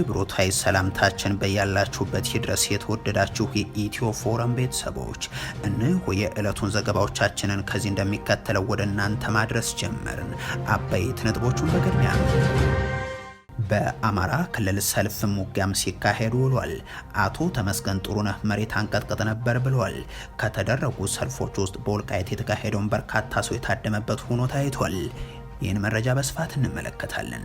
ክብሮታይ ሰላምታችን በያላችሁበት ይድረስ። የተወደዳችሁ የኢትዮ ፎረም ቤተሰቦች እነሆ የዕለቱን ዘገባዎቻችንን ከዚህ እንደሚከተለው ወደ እናንተ ማድረስ ጀመርን። አበይት ነጥቦቹን በቅድሚያ በአማራ ክልል ሰልፍም ውጊያም ሲካሄዱ ውሏል። አቶ ተመስገን ጥሩነህ መሬት አንቀጥቅጥ ነበር ብሏል። ከተደረጉ ሰልፎች ውስጥ በወልቃይት የተካሄደውን በርካታ ሰው የታደመበት ሆኖ ታይቷል። ይህን መረጃ በስፋት እንመለከታለን።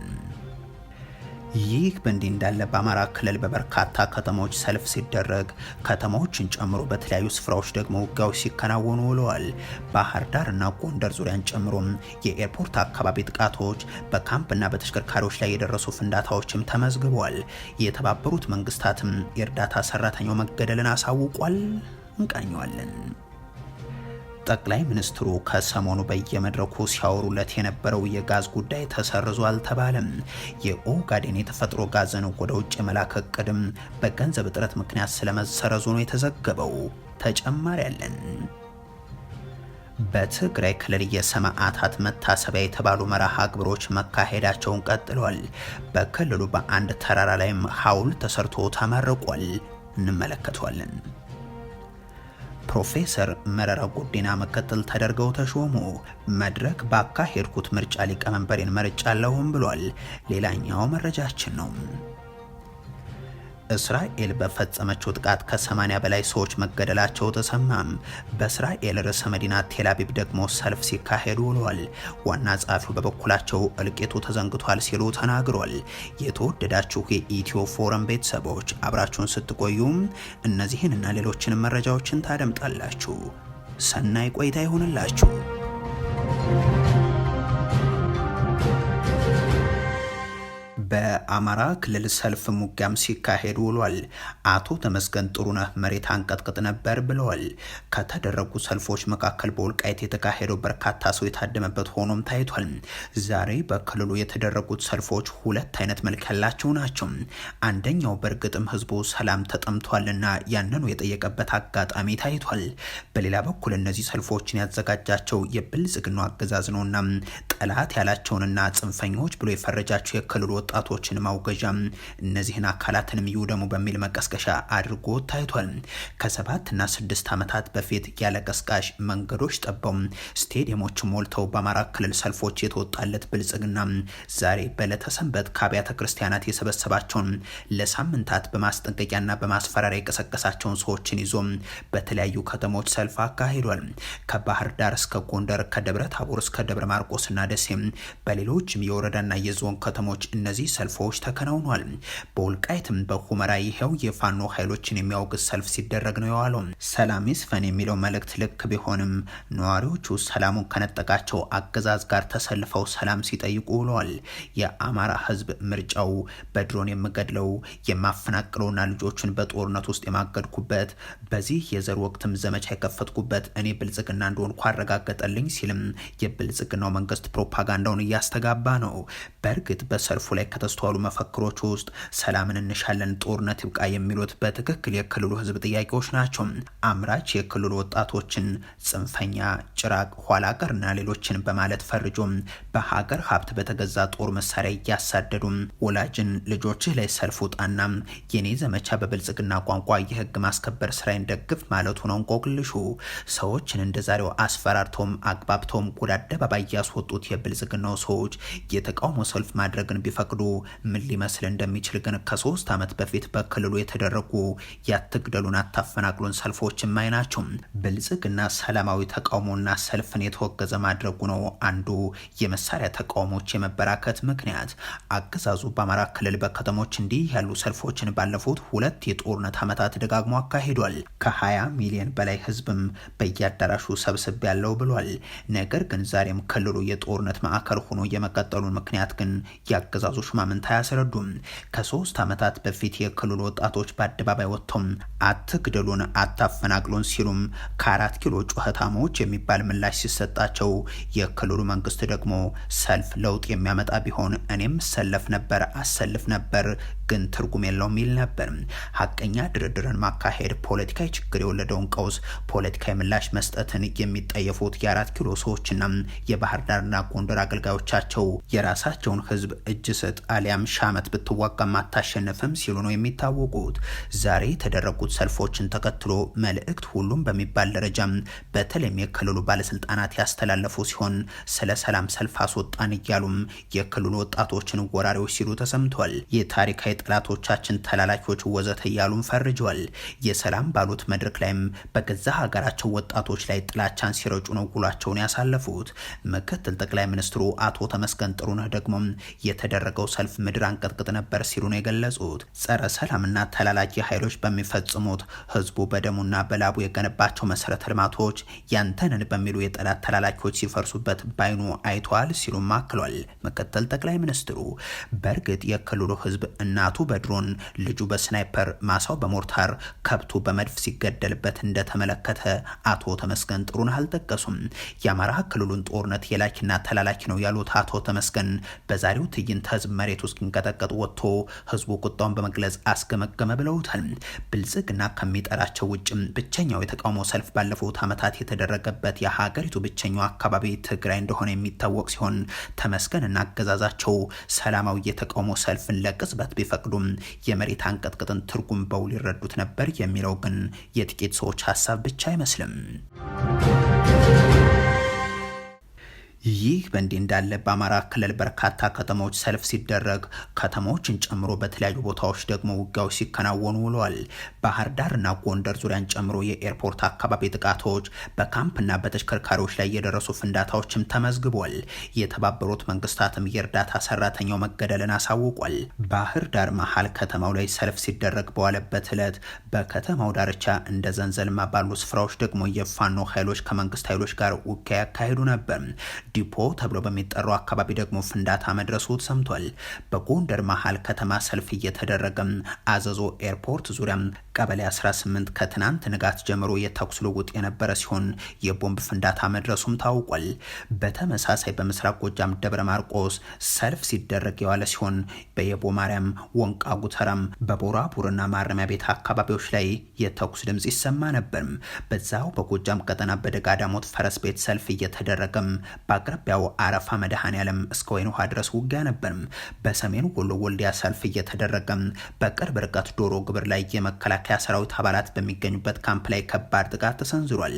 ይህ በእንዲህ እንዳለ በአማራ ክልል በበርካታ ከተሞች ሰልፍ ሲደረግ ከተማዎችን ጨምሮ በተለያዩ ስፍራዎች ደግሞ ውጊያዎች ሲከናወኑ ውለዋል። ባህር ዳር እና ጎንደር ዙሪያን ጨምሮም የኤርፖርት አካባቢ ጥቃቶች፣ በካምፕና በተሽከርካሪዎች ላይ የደረሱ ፍንዳታዎችም ተመዝግበዋል። የተባበሩት መንግስታትም የእርዳታ ሰራተኛው መገደልን አሳውቋል። እንቃኘዋለን። ጠቅላይ ሚኒስትሩ ከሰሞኑ በየመድረኩ ሲያወሩለት የነበረው የጋዝ ጉዳይ ተሰርዞ አልተባለም። የኦጋዴን የተፈጥሮ ጋዝን ወደ ውጭ መላክ እቅድም በገንዘብ እጥረት ምክንያት ስለመሰረዙ ነው የተዘገበው። ተጨማሪ ያለን በትግራይ ክልል የሰማዕታት መታሰቢያ የተባሉ መርሃ ግብሮች መካሄዳቸውን ቀጥለዋል። በክልሉ በአንድ ተራራ ላይ ሐውልት ተሰርቶ ተመርቋል። እንመለከተዋለን። ፕሮፌሰር መረራ ጉዲና ምክትል ተደርገው ተሾሙ። መድረክ ባካሄድኩት ምርጫ ሊቀመንበሬን መርጫለሁም ብሏል። ሌላኛው መረጃችን ነው። እስራኤል በፈጸመችው ጥቃት ከ80 በላይ ሰዎች መገደላቸው ተሰማም። በእስራኤል ርዕሰ መዲና ቴላቪቭ ደግሞ ሰልፍ ሲካሄዱ ውሏል። ዋና ጸሐፊው በበኩላቸው እልቂቱ ተዘንግቷል ሲሉ ተናግሯል። የተወደዳችሁ የኢትዮ ፎረም ቤተሰቦች አብራችሁን ስትቆዩም እነዚህን እና ሌሎችንም መረጃዎችን ታደምጣላችሁ። ሰናይ ቆይታ ይሆንላችሁ። በአማራ ክልል ሰልፍ ሙጋም ሲካሄድ ውሏል። አቶ ተመስገን ጥሩነህ መሬት አንቀጥቅጥ ነበር ብለዋል። ከተደረጉ ሰልፎች መካከል በወልቃይት የተካሄደው በርካታ ሰው የታደመበት ሆኖም ታይቷል። ዛሬ በክልሉ የተደረጉት ሰልፎች ሁለት አይነት መልክ ያላቸው ናቸው። አንደኛው በእርግጥም ህዝቡ ሰላም ተጠምቷልና ያንኑ የጠየቀበት አጋጣሚ ታይቷል። በሌላ በኩል እነዚህ ሰልፎችን ያዘጋጃቸው የብልጽግናው አገዛዝ ነውና ጠላት ያላቸውንና ጽንፈኞች ብሎ የፈረጃቸው የክልሉ ወጣ ጥቃቶችን ማውገዣ እነዚህን አካላትንም ይውደሙ በሚል መቀስቀሻ አድርጎ ታይቷል። ከሰባት እና ስድስት ዓመታት በፊት ያለ ቀስቃሽ መንገዶች ጠበው ስቴዲየሞች ሞልተው በአማራ ክልል ሰልፎች የተወጣለት ብልጽግና ዛሬ በለተሰንበት ከአብያተ ክርስቲያናት የሰበሰባቸውን ለሳምንታት በማስጠንቀቂያና በማስፈራሪያ የቀሰቀሳቸውን ሰዎችን ይዞ በተለያዩ ከተሞች ሰልፍ አካሂዷል። ከባህር ዳር እስከ ጎንደር፣ ከደብረ ታቦር እስከ ደብረ ማርቆስና ደሴ በሌሎችም የወረዳና የዞን ከተሞች እነዚህ ሰልፎች ተከናውኗል። በወልቃይትም በሁመራ ይኸው የፋኖ ኃይሎችን የሚያወግዝ ሰልፍ ሲደረግ ነው የዋለው። ሰላም ይስፈን የሚለው መልእክት ልክ ቢሆንም ነዋሪዎቹ ሰላሙን ከነጠቃቸው አገዛዝ ጋር ተሰልፈው ሰላም ሲጠይቁ ውለዋል። የአማራ ህዝብ ምርጫው በድሮን የምገድለው የማፈናቅለውና ልጆቹን በጦርነት ውስጥ የማገድኩበት በዚህ የዘር ወቅትም ዘመቻ የከፈትኩበት እኔ ብልጽግና እንደሆንኩ አረጋገጠልኝ ሲልም የብልጽግናው መንግስት ፕሮፓጋንዳውን እያስተጋባ ነው። በእርግጥ በሰልፉ ላይ ከተስተዋሉ መፈክሮች ውስጥ ሰላምን እንሻለን፣ ጦርነት ይብቃ የሚሉት በትክክል የክልሉ ህዝብ ጥያቄዎች ናቸው። አምራች የክልሉ ወጣቶችን ጽንፈኛ፣ ጭራቅ፣ ኋላ ቀርና ሌሎችን በማለት ፈርጆ በሀገር ሀብት በተገዛ ጦር መሳሪያ እያሳደዱ ወላጅን ልጆችህ ላይ ሰልፍ ውጣና የኔ ዘመቻ በብልጽግና ቋንቋ የህግ ማስከበር ስራ እንደግፍ ማለት ነው እንቆቅልሹ። ሰዎችን እንደዛሬው አስፈራርተውም አግባብተውም ወደ አደባባይ ያስወጡት የብልጽግናው ሰዎች የተቃውሞ ሰልፍ ማድረግን ቢፈቅዱ ምን ሊመስል እንደሚችል ግን ከሶስት ዓመት በፊት በክልሉ የተደረጉ ያትግደሉን አታፈናቅሉን ሰልፎች የማይ ናቸው። ብልጽግና ሰላማዊ ተቃውሞና ሰልፍን የተወገዘ ማድረጉ ነው አንዱ የመሳሪያ ተቃውሞች የመበራከት ምክንያት። አገዛዙ በአማራ ክልል በከተሞች እንዲህ ያሉ ሰልፎችን ባለፉት ሁለት የጦርነት ዓመታት ደጋግሞ አካሂዷል። ከ20 ሚሊዮን በላይ ህዝብም በየአዳራሹ ሰብስብ ያለው ብሏል። ነገር ግን ዛሬም ክልሉ የጦርነት ማዕከል ሆኖ የመቀጠሉን ምክንያት ግን የአገዛዞች አስማምንታ አያስረዱም። ከሶስት ዓመታት በፊት የክልሉ ወጣቶች በአደባባይ ወጥቶም አትግደሉን፣ አታፈናቅሉን ሲሉም ከአራት ኪሎ ጩኸታሞች የሚባል ምላሽ ሲሰጣቸው የክልሉ መንግስት ደግሞ ሰልፍ ለውጥ የሚያመጣ ቢሆን እኔም ሰለፍ ነበር አሰልፍ ነበር ግን ትርጉም የለውም ይል ነበር። ሀቀኛ ድርድርን ማካሄድ ፖለቲካዊ ችግር የወለደውን ቀውስ ፖለቲካዊ ምላሽ መስጠትን የሚጠየፉት የአራት ኪሎ ሰዎችና የባህር ዳርና ጎንደር አገልጋዮቻቸው የራሳቸውን ህዝብ እጅ ስጥ አሊያም ሻመት ብትዋጋ አታሸንፍም ሲሉ ነው የሚታወቁት። ዛሬ የተደረጉት ሰልፎችን ተከትሎ መልእክት ሁሉም በሚባል ደረጃም በተለይም የክልሉ ባለስልጣናት ያስተላለፉ ሲሆን ስለ ሰላም ሰልፍ አስወጣን እያሉም የክልሉ ወጣቶችን ወራሪዎች ሲሉ ተሰምቷል። የታሪካዊ ጠላቶቻችን ተላላኪዎች ወዘተ እያሉም ፈርጀዋል። የሰላም ባሉት መድረክ ላይም በገዛ ሀገራቸው ወጣቶች ላይ ጥላቻን ሲረጩ ነው ውሏቸውን ያሳለፉት። ምክትል ጠቅላይ ሚኒስትሩ አቶ ተመስገን ጥሩነህ ደግሞ የተደረገው ሰልፍ ምድር አንቀጥቅጥ ነበር ሲሉ ነው የገለጹት። ጸረ ሰላምና ተላላኪ ኃይሎች በሚፈጽሙት ህዝቡ በደሙና በላቡ የገነባቸው መሰረተ ልማቶች ያንተንን በሚሉ የጠላት ተላላኪዎች ሲፈርሱበት ባይኑ አይቷል ሲሉም አክሏል ምክትል ጠቅላይ ሚኒስትሩ። በእርግጥ የክልሉ ህዝብ እናቱ በድሮን ልጁ በስናይፐር ማሳው በሞርታር ከብቱ በመድፍ ሲገደልበት እንደተመለከተ አቶ ተመስገን ጥሩን አልጠቀሱም። የአማራ ክልሉን ጦርነት የላኪና ተላላኪ ነው ያሉት አቶ ተመስገን በዛሬው ትዕይንተ ህዝብ መሬቱ እስኪንቀጠቀጥ ወጥቶ ህዝቡ ቁጣውን በመግለጽ አስገመገመ ብለውታል። ብልጽግና ከሚጠራቸው ውጭም ብቸኛው የተቃውሞ ሰልፍ ባለፉት ዓመታት የተደረገበት የሀገሪቱ ብቸኛው አካባቢ ትግራይ እንደሆነ የሚታወቅ ሲሆን ተመስገንና አገዛዛቸው ሰላማዊ የተቃውሞ ሰልፍን ለቅጽበት ቢፈቅዱም የመሬት አንቀጥቅጥን ትርጉም በውል ይረዱት ነበር የሚለው ግን የጥቂት ሰዎች ሀሳብ ብቻ አይመስልም። ይህ በእንዲህ እንዳለ በአማራ ክልል በርካታ ከተሞች ሰልፍ ሲደረግ ከተሞችን ጨምሮ በተለያዩ ቦታዎች ደግሞ ውጊያዎች ሲከናወኑ ውለዋል። ባህር ዳርና ጎንደር ዙሪያን ጨምሮ የኤርፖርት አካባቢ ጥቃቶች፣ በካምፕና በተሽከርካሪዎች ላይ የደረሱ ፍንዳታዎችም ተመዝግቧል። የተባበሩት መንግስታትም የእርዳታ ሰራተኛው መገደልን አሳውቋል። ባህር ዳር መሀል ከተማው ላይ ሰልፍ ሲደረግ በዋለበት ዕለት በከተማው ዳርቻ እንደ ዘንዘልማ ባሉ ስፍራዎች ደግሞ የፋኖ ኃይሎች ከመንግስት ኃይሎች ጋር ውጊያ ያካሄዱ ነበር። ዲፖ ተብሎ በሚጠራው አካባቢ ደግሞ ፍንዳታ መድረሱ ሰምቷል። በጎንደር መሀል ከተማ ሰልፍ እየተደረገም አዘዞ ኤርፖርት ዙሪያም ቀበሌ 18 ከትናንት ንጋት ጀምሮ የተኩስ ልውውጥ የነበረ ሲሆን የቦምብ ፍንዳታ መድረሱም ታውቋል። በተመሳሳይ በምስራቅ ጎጃም ደብረ ማርቆስ ሰልፍ ሲደረግ የዋለ ሲሆን በየቦ ማርያም፣ ወንቃ ጉተራም፣ በቦራቡርና ማረሚያ ቤት አካባቢዎች ላይ የተኩስ ድምጽ ይሰማ ነበርም። በዛው በጎጃም ቀጠና በደጋዳሞት ፈረስ ቤት ሰልፍ እየተደረገም አቅራቢያው አረፋ ያለም እስከ ወይን ውሃ ድረስ ውጊያ ነበርም። በሰሜን ወሎ ወልዲያ ሰልፍ እየተደረገም በቅርብ ርቀት ዶሮ ግብር ላይ የመከላከያ ሰራዊት አባላት በሚገኙበት ካምፕ ላይ ከባድ ጥቃት ተሰንዝሯል።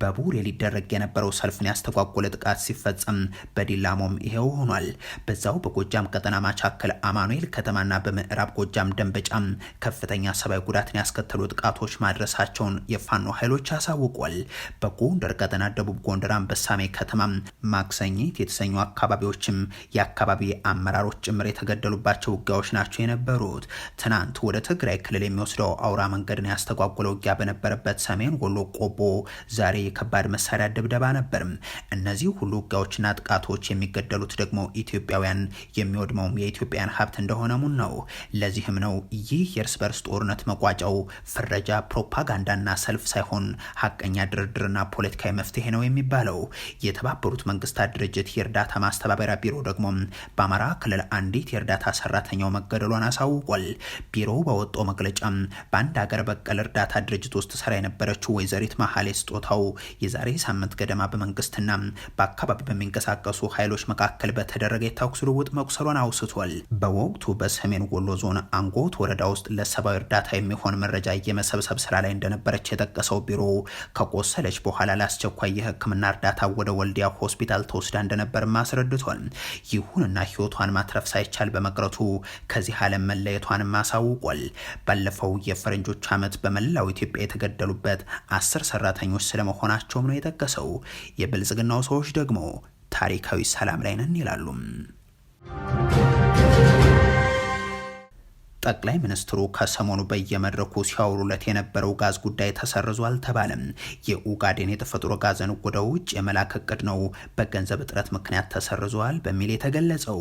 በቡሬ ሊደረግ የነበረው ሰልፍን ያስተጓጎለ ጥቃት ሲፈጸም በዲላሞም ይሄው ሆኗል። በዛው በጎጃም ቀጠና ማቻከል አማኑኤል ከተማና በምዕራብ ጎጃም ደንበጫም ከፍተኛ ሰብአዊ ጉዳትን ያስከተሉ ጥቃቶች ማድረሳቸውን የፋኖ ኃይሎች አሳውቋል። በጎንደር ቀጠና ደቡብ ጎንደር አንበሳሜ ከተማ ማክሰኝት የተሰኙ አካባቢዎችም የአካባቢ አመራሮች ጭምር የተገደሉባቸው ውጊያዎች ናቸው የነበሩት። ትናንት ወደ ትግራይ ክልል የሚወስደው አውራ መንገድን ያስተጓጎለ ውጊያ በነበረበት ሰሜን ወሎ ቆቦ፣ ዛሬ የከባድ መሳሪያ ድብደባ ነበር። እነዚህ ሁሉ ውጊያዎችና ጥቃቶች የሚገደሉት ደግሞ ኢትዮጵያውያን፣ የሚወድመውም የኢትዮጵያን ሀብት እንደሆነሙን ነው። ለዚህም ነው ይህ የእርስ በርስ ጦርነት መቋጫው ፍረጃ፣ ፕሮፓጋንዳና ሰልፍ ሳይሆን ሀቀኛ ድርድርና ፖለቲካዊ መፍትሄ ነው የሚባለው የተባበሩት መንግስት መንግስታት ድርጅት የእርዳታ ማስተባበሪያ ቢሮ ደግሞ በአማራ ክልል አንዲት የእርዳታ ሰራተኛው መገደሏን አሳውቋል። ቢሮው በወጣው መግለጫ በአንድ ሀገር በቀል እርዳታ ድርጅት ውስጥ ሰራ የነበረችው ወይዘሪት መሀሌ ስጦታው የዛሬ ሳምንት ገደማ በመንግስትና በአካባቢ በሚንቀሳቀሱ ኃይሎች መካከል በተደረገ የተኩስ ልውውጥ መቁሰሏን አውስቷል። በወቅቱ በሰሜን ወሎ ዞን አንጎት ወረዳ ውስጥ ለሰብአዊ እርዳታ የሚሆን መረጃ የመሰብሰብ ስራ ላይ እንደነበረች የጠቀሰው ቢሮ ከቆሰለች በኋላ ለአስቸኳይ የህክምና እርዳታ ወደ ወልዲያ ሆስፒታል ሆስፒታል ተወስዳ እንደነበርም አስረድቷል። ይሁንና ህይወቷን ማትረፍ ሳይቻል በመቅረቱ ከዚህ ዓለም መለየቷንም አሳውቋል። ባለፈው የፈረንጆች ዓመት በመላው ኢትዮጵያ የተገደሉበት አስር ሰራተኞች ስለመሆናቸውም ነው የጠቀሰው። የብልጽግናው ሰዎች ደግሞ ታሪካዊ ሰላም ላይ ነን ይላሉ። ጠቅላይ ሚኒስትሩ ከሰሞኑ በየመድረኩ ሲያወሩለት የነበረው ጋዝ ጉዳይ ተሰርዞ አልተባለም። የኡጋዴን የተፈጥሮ ጋዝን ወደ ውጭ የመላክ እቅድ ነው በገንዘብ እጥረት ምክንያት ተሰርዟል በሚል የተገለጸው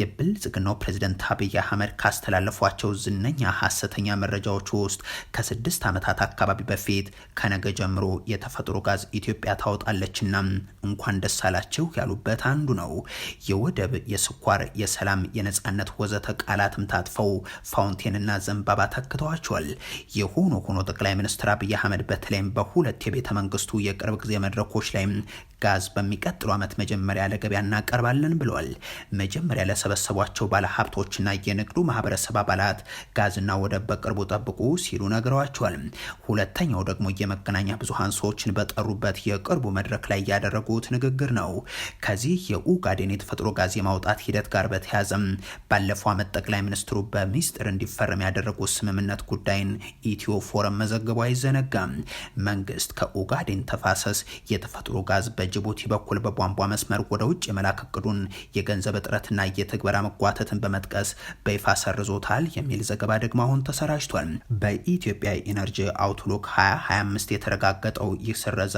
የብልጽግናው ፕሬዚደንት አብይ አህመድ ካስተላለፏቸው ዝነኛ ሀሰተኛ መረጃዎች ውስጥ ከስድስት ዓመታት አካባቢ በፊት ከነገ ጀምሮ የተፈጥሮ ጋዝ ኢትዮጵያ ታወጣለችና እንኳን ደስ አላችሁ ያሉበት አንዱ ነው። የወደብ፣ የስኳር፣ የሰላም፣ የነጻነት ወዘተ ቃላትም ታጥፈው ፋውንቴንና ዘንባባ ተክተዋቸዋል። የሆኖ ሆኖ ጠቅላይ ሚኒስትር አብይ አህመድ በተለይም በሁለት የቤተ መንግስቱ የቅርብ ጊዜ መድረኮች ላይ ጋዝ በሚቀጥሉ ዓመት መጀመሪያ ለገበያ እናቀርባለን ብለዋል። መጀመሪያ ለሰበሰቧቸው ባለሀብቶችና የንግዱ ማህበረሰብ አባላት ጋዝና ወደብ በቅርቡ ጠብቁ ሲሉ ነግረዋቸዋል። ሁለተኛው ደግሞ የመገናኛ ብዙሀን ሰዎችን በጠሩበት የቅርቡ መድረክ ላይ ያደረጉት ንግግር ነው። ከዚህ የኡጋዴን የተፈጥሮ ጋዝ የማውጣት ሂደት ጋር በተያያዘም ባለፈው ዓመት ጠቅላይ ሚኒስትሩ በሚስጥር ትብብር እንዲፈረም ያደረጉት ስምምነት ጉዳይን ኢትዮ ፎረም መዘገቡ አይዘነጋም። መንግስት ከኦጋዴን ተፋሰስ የተፈጥሮ ጋዝ በጅቡቲ በኩል በቧንቧ መስመር ወደ ውጭ የመላክ እቅዱን የገንዘብ እጥረትና የትግበራ መጓተትን በመጥቀስ በይፋ ሰርዞታል የሚል ዘገባ ደግሞ አሁን ተሰራጅቷል። በኢትዮጵያ ኢነርጂ አውትሎክ 2025 የተረጋገጠው ይህ ስረዛ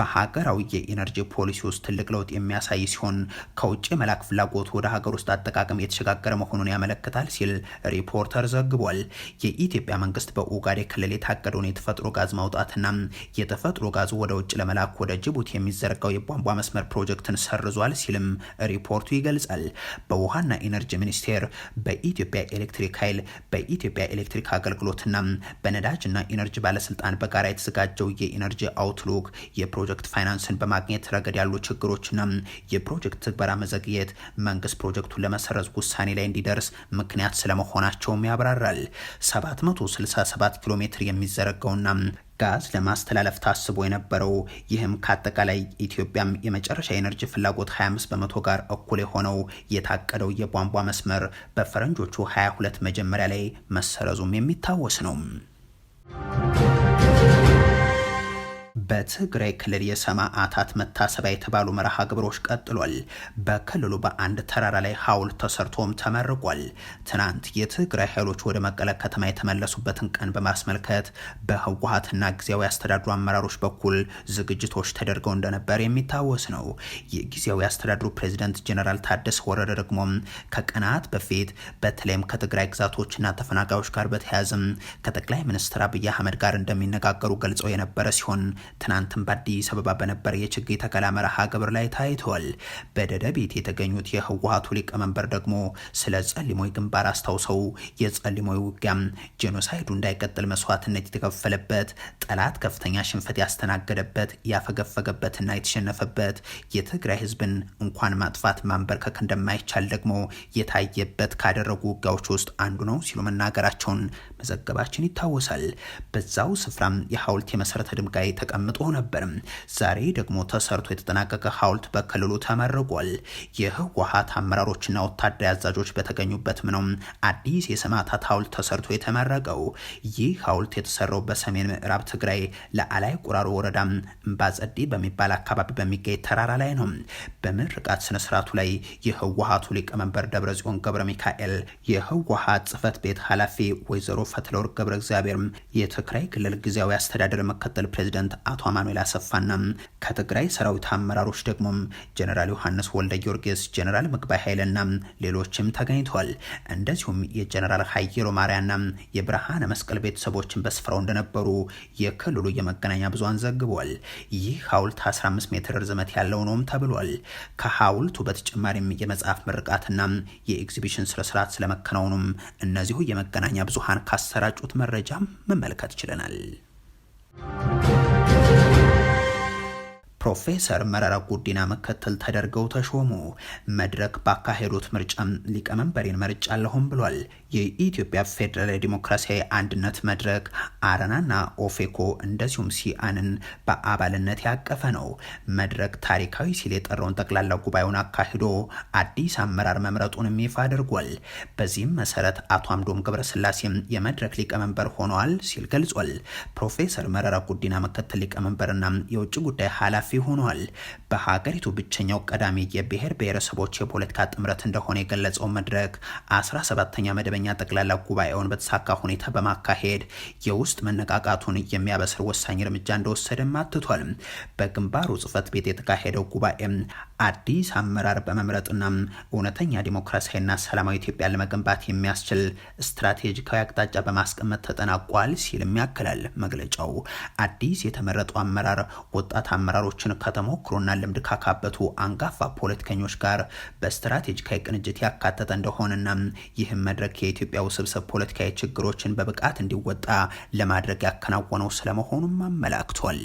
በሀገራዊ የኢነርጂ ፖሊሲ ውስጥ ትልቅ ለውጥ የሚያሳይ ሲሆን ከውጭ የመላክ ፍላጎት ወደ ሀገር ውስጥ አጠቃቀም የተሸጋገረ መሆኑን ያመለክታል ሲል ሪፖርት ሪፖርተር ዘግቧል። የኢትዮጵያ መንግስት በኡጋዴ ክልል የታቀደውን የተፈጥሮ ጋዝ ማውጣትና የተፈጥሮ ጋዝ ወደ ውጭ ለመላክ ወደ ጅቡቲ የሚዘረጋው የቧንቧ መስመር ፕሮጀክትን ሰርዟል ሲልም ሪፖርቱ ይገልጻል። በውሃና ኢነርጂ ሚኒስቴር፣ በኢትዮጵያ ኤሌክትሪክ ኃይል፣ በኢትዮጵያ ኤሌክትሪክ አገልግሎትና በነዳጅና ኢነርጂ ባለስልጣን በጋራ የተዘጋጀው የኢነርጂ አውትሉክ የፕሮጀክት ፋይናንስን በማግኘት ረገድ ያሉ ችግሮችና የፕሮጀክት ትግበራ መዘግየት መንግስት ፕሮጀክቱን ለመሰረዝ ውሳኔ ላይ እንዲደርስ ምክንያት ስለመሆናቸው መሆናቸውም ያብራራል። 767 ኪሎ ሜትር የሚዘረጋውና ጋዝ ለማስተላለፍ ታስቦ የነበረው ይህም ከአጠቃላይ ኢትዮጵያም የመጨረሻ የኤነርጂ ፍላጎት 25 በመቶ ጋር እኩል የሆነው የታቀደው የቧንቧ መስመር በፈረንጆቹ 22 መጀመሪያ ላይ መሰረዙም የሚታወስ ነው። በትግራይ ክልል የሰማዕታት መታሰቢያ የተባሉ መርሃ ግብሮች ቀጥሏል። በክልሉ በአንድ ተራራ ላይ ሐውልት ተሰርቶም ተመርቋል። ትናንት የትግራይ ኃይሎች ወደ መቀለ ከተማ የተመለሱበትን ቀን በማስመልከት በህወሀትና ጊዜያዊ አስተዳድሩ አመራሮች በኩል ዝግጅቶች ተደርገው እንደነበር የሚታወስ ነው። የጊዜያዊ አስተዳድሩ ፕሬዚደንት ጀነራል ታደሰ ወረደ ደግሞ ከቀናት በፊት በተለይም ከትግራይ ግዛቶችና ተፈናቃዮች ጋር በተያያዘም ከጠቅላይ ሚኒስትር አብይ አህመድ ጋር እንደሚነጋገሩ ገልጸው የነበረ ሲሆን ትናንትም በአዲስ አበባ በነበረ የችግኝ ተከላ መርሃ ግብር ላይ ታይቷል። በደደቢት የተገኙት የህወሀቱ ሊቀመንበር ደግሞ ስለ ጸሊሞይ ግንባር አስታውሰው የጸሊሞይ ውጊያም ጄኖሳይዱ እንዳይቀጥል መስዋዕትነት የተከፈለበት ጠላት ከፍተኛ ሽንፈት ያስተናገደበት ያፈገፈገበትና የተሸነፈበት የትግራይ ህዝብን እንኳን ማጥፋት ማንበርከክ እንደማይቻል ደግሞ የታየበት ካደረጉ ውጊያዎች ውስጥ አንዱ ነው ሲሉ መናገራቸውን መዘገባችን ይታወሳል። በዛው ስፍራም የሐውልት የመሰረተ ድንጋይ ተቀምጦ ነበር። ዛሬ ደግሞ ተሰርቶ የተጠናቀቀ ሐውልት በክልሉ ተመርቋል። የህወሓት አመራሮችና ወታደራዊ አዛዦች በተገኙበትም ነው አዲስ የሰማዕታት ሐውልት ተሰርቶ የተመረቀው። ይህ ሐውልት የተሰራው በሰሜን ምዕራብ ትግራይ ለአላይ ቁራሮ ወረዳ እምባጸዲ በሚባል አካባቢ በሚገኝ ተራራ ላይ ነው። በምርቃት ስነስርዓቱ ላይ የህወሓቱ ሊቀመንበር ደብረጽዮን ገብረ ሚካኤል፣ የህወሓት ጽህፈት ቤት ኃላፊ ወይዘሮ ፈትለወርቅ ገብረ እግዚአብሔር የትግራይ ክልል ጊዜያዊ አስተዳደር መከተል ፕሬዚደንት አቶ አማኑኤል አሰፋና ከትግራይ ሰራዊት አመራሮች ደግሞ ጀኔራል ዮሐንስ ወልደ ጊዮርጊስ፣ ጀኔራል ምግባይ ኃይልና ሌሎችም ተገኝተዋል። እንደዚሁም የጀኔራል ሀየሎ ማርያና የብርሃነ መስቀል ቤተሰቦችን በስፍራው እንደነበሩ የክልሉ የመገናኛ ብዙሃን ዘግቧል። ይህ ሐውልት 15 ሜትር ርዝመት ያለው ነውም ተብሏል። ከሐውልቱ በተጨማሪም የመጽሐፍ ምርቃትና የኤግዚቢሽን ስነስርዓት ስለመከናወኑም እነዚሁ የመገናኛ ብዙሃን አሰራጩት መረጃም መመልከት ችለናል። ፕሮፌሰር መረራ ጉዲና ምክትል ተደርገው ተሾሙ። መድረክ ባካሄዱት ምርጫም ሊቀመንበሬን መርጫለሁም ብሏል። የኢትዮጵያ ፌዴራላዊ ዲሞክራሲያዊ አንድነት መድረክ አረናና ኦፌኮ እንደዚሁም ሲአንን በአባልነት ያቀፈ ነው። መድረክ ታሪካዊ ሲል የጠራውን ጠቅላላ ጉባኤውን አካሂዶ አዲስ አመራር መምረጡንም ይፋ አድርጓል። በዚህም መሰረት አቶ አምዶም ገብረስላሴም የመድረክ ሊቀመንበር ሆነዋል ሲል ገልጿል። ፕሮፌሰር መረራ ጉዲና ምክትል ሊቀመንበርና የውጭ ጉዳይ ኃላፊ አስከፊ ሆኗል። በሀገሪቱ ብቸኛው ቀዳሚ የብሔር ብሔረሰቦች የፖለቲካ ጥምረት እንደሆነ የገለጸው መድረክ 17ተኛ መደበኛ ጠቅላላ ጉባኤውን በተሳካ ሁኔታ በማካሄድ የውስጥ መነቃቃቱን የሚያበስር ወሳኝ እርምጃ እንደወሰደም አትቷል። በግንባሩ ጽህፈት ቤት የተካሄደው ጉባኤ አዲስ አመራር በመምረጥና እውነተኛ ዲሞክራሲያዊና ሰላማዊ ኢትዮጵያን ለመገንባት የሚያስችል ስትራቴጂካዊ አቅጣጫ በማስቀመጥ ተጠናቋል ሲልም ያክላል መግለጫው። አዲስ የተመረጡ አመራር ወጣት አመራሮችን ከተሞክሮና ልምድ ካካበቱ አንጋፋ ፖለቲከኞች ጋር በስትራቴጂካዊ ቅንጅት ያካተተ እንደሆነና ይህም መድረክ የኢትዮጵያ ውስብስብ ፖለቲካዊ ችግሮችን በብቃት እንዲወጣ ለማድረግ ያከናወነው ስለመሆኑም አመላክቷል።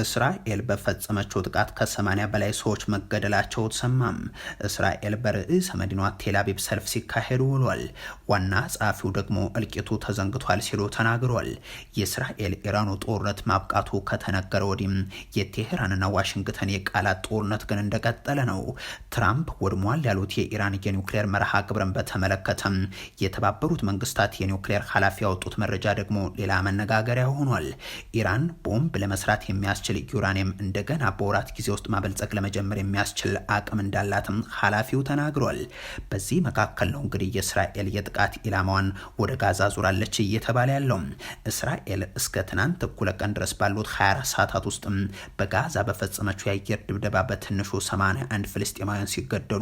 እስራኤል በፈጸመችው ጥቃት ከ80 በላይ ሰዎች መገደላቸው ተሰማም። እስራኤል በርዕሰ መዲኗ ቴልአቪቭ ሰልፍ ሲካሄድ ውሏል። ዋና ጸሐፊው ደግሞ እልቂቱ ተዘንግቷል ሲሉ ተናግሯል። የእስራኤል ኢራኑ ጦርነት ማብቃቱ ከተነገረ ወዲህም የቴሄራንና ዋሽንግተን የቃላት ጦርነት ግን እንደቀጠለ ነው። ትራምፕ ወድሟል ያሉት የኢራን የኒውክሌር መርሃ ግብርን በተመለከተም የተባበሩት መንግስታት የኒውክሌር ኃላፊ ያወጡት መረጃ ደግሞ ሌላ መነጋገሪያ ሆኗል። ኢራን ቦምብ ለመስራት የሚያስ የሚያስችል ዩራኒየም እንደገና በወራት ጊዜ ውስጥ ማበልጸግ ለመጀመር የሚያስችል አቅም እንዳላትም ኃላፊው ተናግሯል። በዚህ መካከል ነው እንግዲህ የእስራኤል የጥቃት ኢላማዋን ወደ ጋዛ ዙራለች እየተባለ ያለው። እስራኤል እስከ ትናንት እኩለ ቀን ድረስ ባሉት 24 ሰዓታት ውስጥም በጋዛ በፈጸመችው የአየር ድብደባ በትንሹ 81 ፍልስጤማውያን ሲገደሉ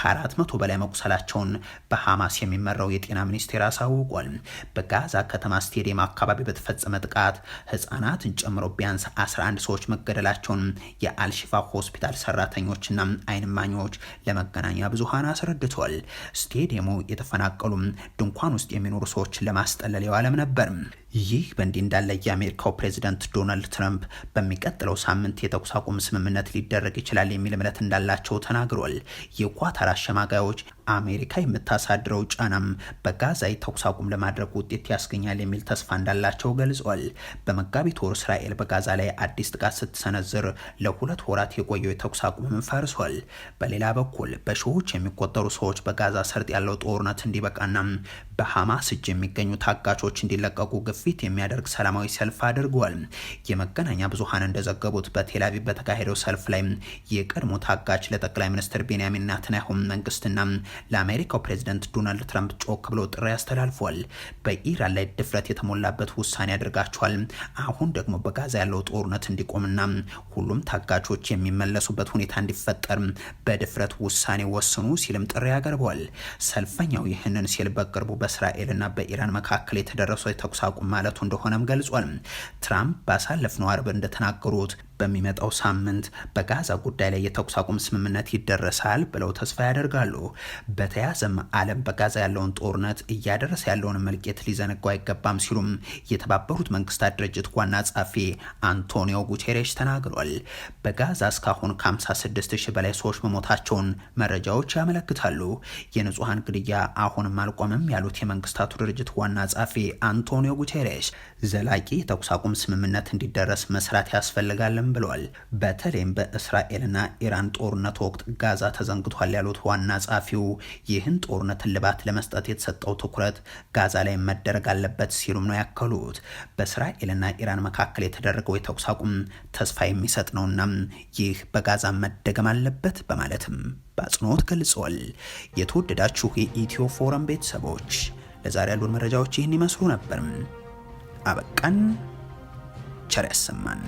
ከ400 በላይ መቁሰላቸውን በሐማስ የሚመራው የጤና ሚኒስቴር አሳውቋል። በጋዛ ከተማ ስቴዲየም አካባቢ በተፈጸመ ጥቃት ህጻናትን ጨምሮ ቢያንስ 11 11 ሰዎች መገደላቸውን የአልሽፋ ሆስፒታል ሰራተኞችና አይንማኞች ለመገናኛ ብዙሃን አስረድቷል። ስቴዲየሙ የተፈናቀሉ ድንኳን ውስጥ የሚኖሩ ሰዎችን ለማስጠለል የዋለም ነበር። ይህ በእንዲህ እንዳለ የአሜሪካው ፕሬዚደንት ዶናልድ ትራምፕ በሚቀጥለው ሳምንት የተኩስ አቁም ስምምነት ሊደረግ ይችላል የሚል እምነት እንዳላቸው ተናግሯል። የኳታር አሸማጋዮች አሜሪካ የምታሳድረው ጫናም በጋዛ የተኩስ አቁም ለማድረግ ውጤት ያስገኛል የሚል ተስፋ እንዳላቸው ገልጿል። በመጋቢት ወር እስራኤል በጋዛ ላይ አዲስ ጥቃት ስትሰነዝር ለሁለት ወራት የቆየው የተኩስ አቁምም ፈርሷል። በሌላ በኩል በሺዎች የሚቆጠሩ ሰዎች በጋዛ ሰርጥ ያለው ጦርነት እንዲበቃና በሐማስ እጅ የሚገኙ ታጋቾች እንዲለቀቁ ግፊት የሚያደርግ ሰላማዊ ሰልፍ አድርጓል። የመገናኛ ብዙሃን እንደዘገቡት በቴላቪ በተካሄደው ሰልፍ ላይ የቀድሞ ታጋች ለጠቅላይ ሚኒስትር ቤንያሚን ኔታንያሁም መንግስትና ለአሜሪካው ፕሬዚደንት ዶናልድ ትራምፕ ጮክ ብለው ጥሪ አስተላልፏል። በኢራን ላይ ድፍረት የተሞላበት ውሳኔ አድርጋቸዋል። አሁን ደግሞ በጋዛ ያለው ጦርነት እንዲቆምና ሁሉም ታጋቾች የሚመለሱበት ሁኔታ እንዲፈጠር በድፍረት ውሳኔ ወስኑ ሲልም ጥሪ ያቀርበዋል። ሰልፈኛው ይህንን ሲል በቅርቡ በእስራኤልና በኢራን መካከል የተደረሰው የተኩስ አቁም ማለቱ እንደሆነም ገልጿል። ትራምፕ ባሳለፍነው አርብ እንደተናገሩት በሚመጣው ሳምንት በጋዛ ጉዳይ ላይ የተኩስ አቁም ስምምነት ይደረሳል ብለው ተስፋ ያደርጋሉ። በተያዘም ዓለም በጋዛ ያለውን ጦርነት እያደረሰ ያለውን መልቄት ሊዘነጋው አይገባም ሲሉም የተባበሩት መንግስታት ድርጅት ዋና ጸሐፊ አንቶኒዮ ጉቴሬሽ ተናግሯል። በጋዛ እስካሁን ከ56 ሺህ በላይ ሰዎች መሞታቸውን መረጃዎች ያመለክታሉ። የንጹሐን ግድያ አሁንም አልቆምም ያሉት የመንግስታቱ ድርጅት ዋና ጸሐፊ አንቶኒዮ ጉቴሬሽ ዘላቂ የተኩስ አቁም ስምምነት እንዲደረስ መስራት ያስፈልጋልም ብለዋል። በተለይም በእስራኤልና ኢራን ጦርነት ወቅት ጋዛ ተዘንግቷል ያሉት ዋና ጸሐፊው ይህን ጦርነት እልባት ለመስጠት የተሰጠው ትኩረት ጋዛ ላይ መደረግ አለበት ሲሉም ነው ያከሉት። በእስራኤልና ኢራን መካከል የተደረገው የተኩስ አቁም ተስፋ የሚሰጥ ነውና ይህ በጋዛ መደገም አለበት በማለትም በአጽንኦት ገልጸዋል። የተወደዳችሁ የኢትዮ ፎረም ቤተሰቦች ለዛሬ ያሉን መረጃዎች ይህን ይመስሉ ነበርም አበቃን። ቸር ያሰማን።